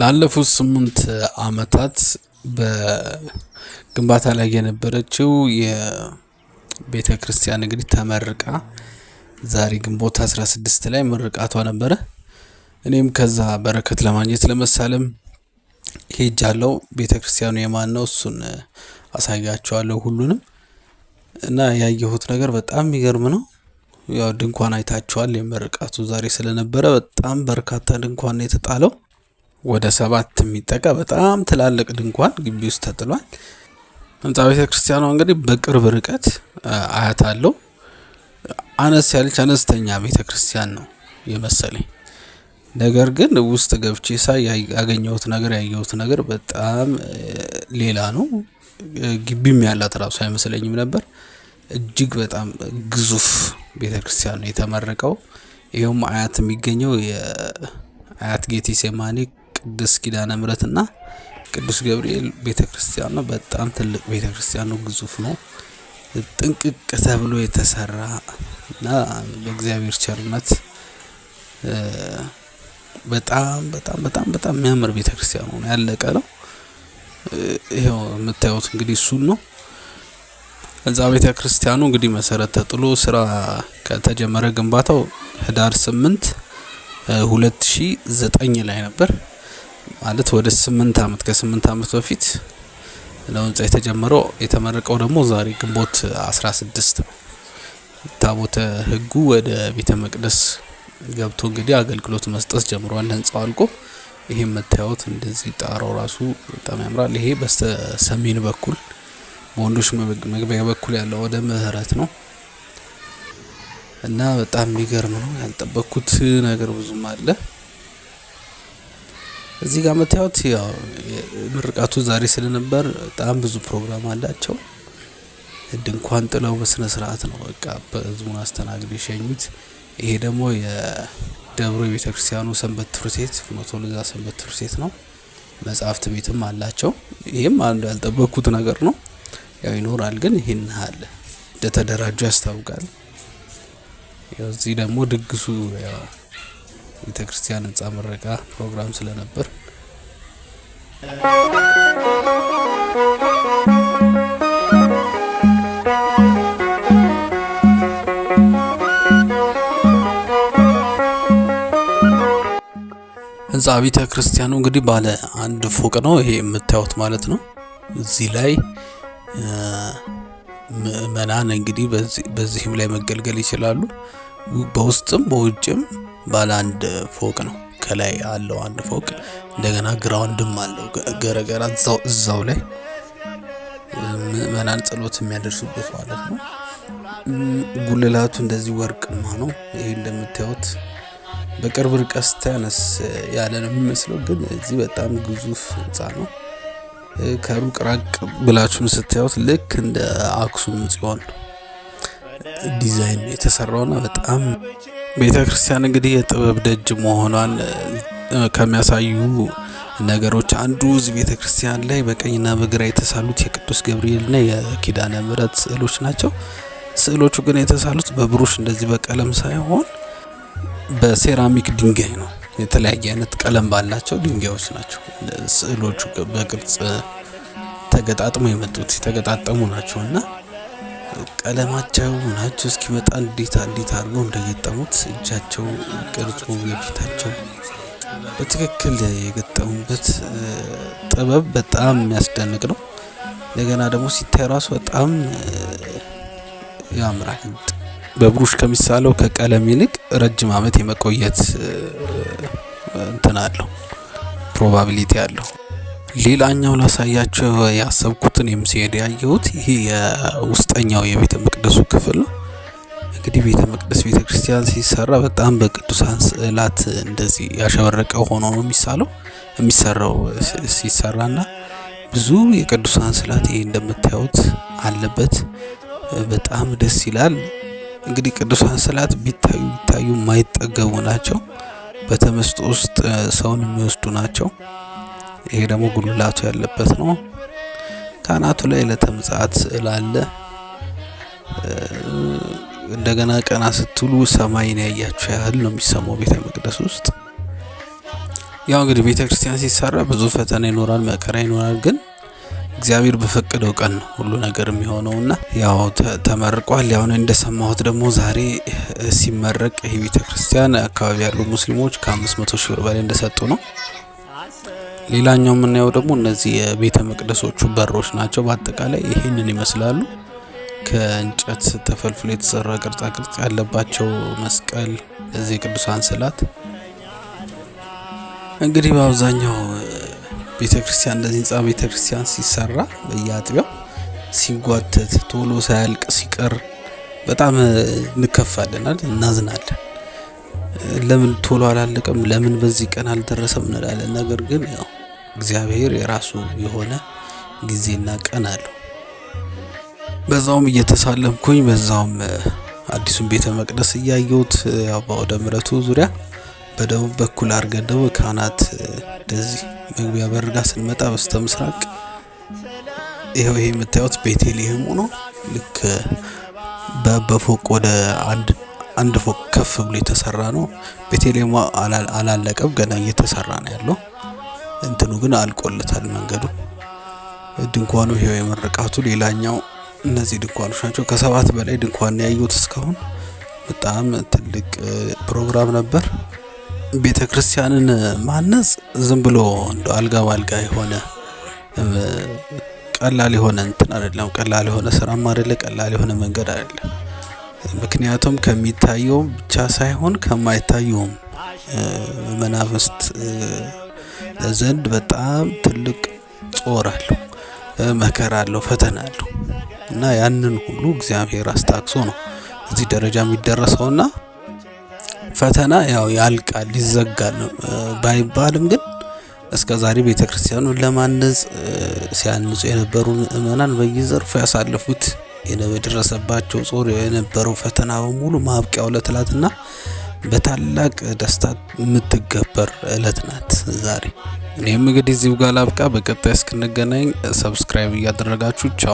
ላለፉት ስምንት ዓመታት በግንባታ ላይ የነበረችው የቤተ ክርስቲያን እንግዲህ ተመርቃ ዛሬ ግንቦት 16 ላይ ምርቃቷ ነበረ። እኔም ከዛ በረከት ለማግኘት ለመሳለም ሄጃለሁ። ቤተ ክርስቲያኑ የማን ነው? እሱን አሳያቸዋለሁ ሁሉንም እና ያየሁት ነገር በጣም የሚገርም ነው። ያው ድንኳን አይታችኋል። የምርቃቱ ዛሬ ስለነበረ በጣም በርካታ ድንኳን የተጣለው። ወደ ሰባት የሚጠጋ በጣም ትላልቅ ድንኳን ግቢ ውስጥ ተጥሏል። ህንፃ ቤተ ክርስቲያኗ እንግዲህ በቅርብ ርቀት አያት አለው። አነስ ያለች አነስተኛ ቤተ ክርስቲያን ነው የመሰለኝ። ነገር ግን ውስጥ ገብቼ ሳይ ያገኘሁት ነገር ያየሁት ነገር በጣም ሌላ ነው። ግቢም ያላት ራሱ አይመስለኝም ነበር። እጅግ በጣም ግዙፍ ቤተ ክርስቲያን ነው የተመረቀው። ይኸውም አያት የሚገኘው የአያት ጌቴ ሴማኒ ቅድስት ኪዳነ እና ቅዱስ ገብርኤል ቤተ ክርስቲያን ነው። በጣም ትልቅ ቤተ ክርስቲያን ነው። ግዙፍ ነው። ጥንቅቅ ተብሎ የተሰራ እና በእግዚአብሔር ቸርነት በጣም በጣም በጣም በጣም የሚያምር ቤተ ክርስቲያን ነው። ያለቀ ነው። ይኸው የምታዩት እንግዲህ እሱን ነው። እዛ ቤተ ክርስቲያኑ እንግዲህ መሰረት ተጥሎ ስራ ከተጀመረ ግንባታው ህዳር ስምንት ሁለት ሺ ዘጠኝ ላይ ነበር። ማለት ወደ ስምንት አመት ከስምንት አመት በፊት ነው ህንጻ የተጀመረው። የተመረቀው ደግሞ ዛሬ ግንቦት 16 ነው። ታቦተ ህጉ ወደ ቤተ መቅደስ ገብቶ እንግዲህ አገልግሎት መስጠት ጀምሯል። ህንጻው አልቆ ይሄ የምታዩት እንደዚህ ጣራው ራሱ በጣም ያምራል። ይሄ በስተ ሰሜን በኩል በወንዶች መግቢያ በኩል ያለው ወደ ምህረት ነው እና በጣም የሚገርም ነው። ያልጠበቅኩት ነገር ብዙም አለ። እዚህ ጋር የምታዩት ያው ምርቃቱ ዛሬ ስለነበር በጣም ብዙ ፕሮግራም አላቸው። ድንኳን ጥለው በስነ ስርዓት ነው በቃ በህዝቡን አስተናግድ የሸኙት። ይሄ ደግሞ የደብሮ ቤተክርስቲያኑ ሰንበት ትምህርት ቤት ፍኖተ ሎዛ ሰንበት ትምህርት ቤት ነው። መጽሐፍት ቤትም አላቸው። ይህም አንዱ ያልጠበኩት ነገር ነው። ያው ይኖራል፣ ግን ይህን አለ እንደተደራጁ ያስታውቃል። እዚህ ደግሞ ድግሱ ቤተ ክርስቲያን ህንፃ ምረቃ ፕሮግራም ስለነበር ህንፃ ቤተ ክርስቲያኑ እንግዲህ ባለ አንድ ፎቅ ነው። ይሄ የምታዩት ማለት ነው። እዚህ ላይ ምእመናን እንግዲህ በዚህም ላይ መገልገል ይችላሉ። በውስጥም በውጭም ባለ አንድ ፎቅ ነው። ከላይ አለው አንድ ፎቅ እንደገና ግራውንድም አለው ገረገራ እዛው ላይ ምዕመናን ጸሎት የሚያደርሱበት ማለት ነው። ጉልላቱ እንደዚህ ወርቅማ ነው። ይህ እንደምታዩት በቅርብ ርቀት ስታነስ ያለ ነው የሚመስለው፣ ግን እዚህ በጣም ግዙፍ ህንፃ ነው። ከሩቅ ራቅ ብላችሁም ስታዩት ልክ እንደ አክሱም ጽዮን ዲዛይን የተሰራውና በጣም ቤተ ክርስቲያን እንግዲህ የጥበብ ደጅ መሆኗን ከሚያሳዩ ነገሮች አንዱ እዚህ ቤተ ክርስቲያን ላይ በቀኝና በግራ የተሳሉት የቅዱስ ገብርኤልና የኪዳነ ምሕረት ስዕሎች ናቸው። ስዕሎቹ ግን የተሳሉት በብሩሽ እንደዚህ በቀለም ሳይሆን በሴራሚክ ድንጋይ ነው። የተለያየ አይነት ቀለም ባላቸው ድንጋዮች ናቸው ስዕሎቹ በቅርጽ ተገጣጥሞ የመጡት የተገጣጠሙ ናቸው እና ቀለማቸው ምናቸው እስኪመጣ እንዴት እንዴት አድርገው እንደገጠሙት እጃቸው፣ ቅርጹ፣ የፊታቸው በትክክል የገጠሙበት ጥበብ በጣም የሚያስደንቅ ነው። እንደገና ደግሞ ሲታይ ራሱ በጣም ያምራል። በብሩሽ ከሚሳለው ከቀለም ይልቅ ረጅም ዓመት የመቆየት እንትን አለው ፕሮባቢሊቲ አለው። ሌላኛው ላሳያቸው ያሰብኩትን ይህም ሲሄድ ያየሁት ይሄ የውስጠኛው የቤተ መቅደሱ ክፍል ነው። እንግዲህ ቤተ መቅደስ ቤተ ክርስቲያን ሲሰራ በጣም በቅዱሳን ስዕላት እንደዚህ ያሸበረቀ ሆኖ ነው የሚሳለው የሚሰራው ሲሰራና ብዙ የቅዱሳን ስዕላት ይሄ እንደምታዩት አለበት። በጣም ደስ ይላል። እንግዲህ ቅዱሳን ስዕላት ቢታዩ ቢታዩ የማይጠገቡ ናቸው። በተመስጦ ውስጥ ሰውን የሚወስዱ ናቸው። ይሄ ደግሞ ጉልላቱ ያለበት ነው። ካናቱ ላይ ለተምጻት ስዕል አለ። እንደገና ቀና ስትሉ ሰማይን ያያችሁ ያህል ነው የሚሰማው ቤተ መቅደስ ውስጥ። ያው እንግዲህ ቤተ ክርስቲያን ሲሰራ ብዙ ፈተና ይኖራል፣ መከራ ይኖራል። ግን እግዚአብሔር በፈቀደው ቀን ነው ሁሉ ነገር የሚሆነውና ያው ተመርቋል። ያሁን እንደሰማሁት ደግሞ ዛሬ ሲመረቅ ይህ ቤተ ክርስቲያን አካባቢ ያሉ ሙስሊሞች ከአምስት መቶ ሺህ ብር በላይ እንደሰጡ ነው። ሌላኛው የምናየው ደግሞ እነዚህ የቤተ መቅደሶቹ በሮች ናቸው። በአጠቃላይ ይህንን ይመስላሉ። ከእንጨት ተፈልፍሎ የተሰራ ቅርጻ ቅርጽ ያለባቸው መስቀል፣ እዚህ የቅዱሳን ስላት እንግዲህ በአብዛኛው ቤተ ክርስቲያን እንደዚህ ህንፃ ቤተ ክርስቲያን ሲሰራ በየአጥቢያው ሲጓተት ቶሎ ሳያልቅ ሲቀር በጣም እንከፋለናል፣ እናዝናለን። ለምን ቶሎ አላለቀም፣ ለምን በዚህ ቀን አልደረሰም እንላለን። ነገር ግን ያው እግዚአብሔር የራሱ የሆነ ጊዜና ቀን አለው። በዛውም እየተሳለምኩኝ በዛውም አዲሱን ቤተ መቅደስ እያየሁት ያው በአውደ ምረቱ ዙሪያ በደቡብ በኩል አድርገን ደግሞ ካህናት እንደዚህ መግቢያ በርጋ ስንመጣ በስተ ምስራቅ ይኸው ይሄ የምታዩት ቤተልሔም ሆኖ ልክ በፎቅ ወደ አንድ አንድ ፎቅ ከፍ ብሎ የተሰራ ነው። ቤተልሔም አላለቀም፣ ገና እየተሰራ ነው ያለው። እንትኑ ግን አልቆለታል መንገዱ ድንኳኑ ይሄው የመረቃቱ ሌላኛው እነዚህ ድንኳኖች ናቸው። ከሰባት በላይ ድንኳን ያዩት እስካሁን በጣም ትልቅ ፕሮግራም ነበር። ቤተ ክርስቲያንን ማነጽ ዝም ብሎ እንደ አልጋ ባልጋ የሆነ ቀላል የሆነ እንትን አይደለም። ቀላል የሆነ ስራም አይደለ፣ ቀላል የሆነ መንገድ አይደለም። ምክንያቱም ከሚታየውም ብቻ ሳይሆን ከማይታየውም መናፍስት ዘንድ በጣም ትልቅ ጾር አለው፣ መከራ አለው፣ ፈተና አለው እና ያንን ሁሉ እግዚአብሔር አስታግሶ ነው እዚህ ደረጃ የሚደረሰውና ፈተና ያው ያልቃል ይዘጋል ባይባልም ግን እስከ ዛሬ ቤተ ክርስቲያኑ ለማነጽ ሲያንጹ የነበሩ ምእመናን በየዘርፉ ያሳለፉት የደረሰባቸው ጾር የነበረው ፈተና በሙሉ ማብቂያው ለትላትና በታላቅ ደስታ የምትገበር እለት ናት ዛሬ። እኔም እንግዲህ እዚሁ ጋር ላብቃ። በቀጣይ እስክንገናኝ ሰብስክራይብ እያደረጋችሁ ቻው።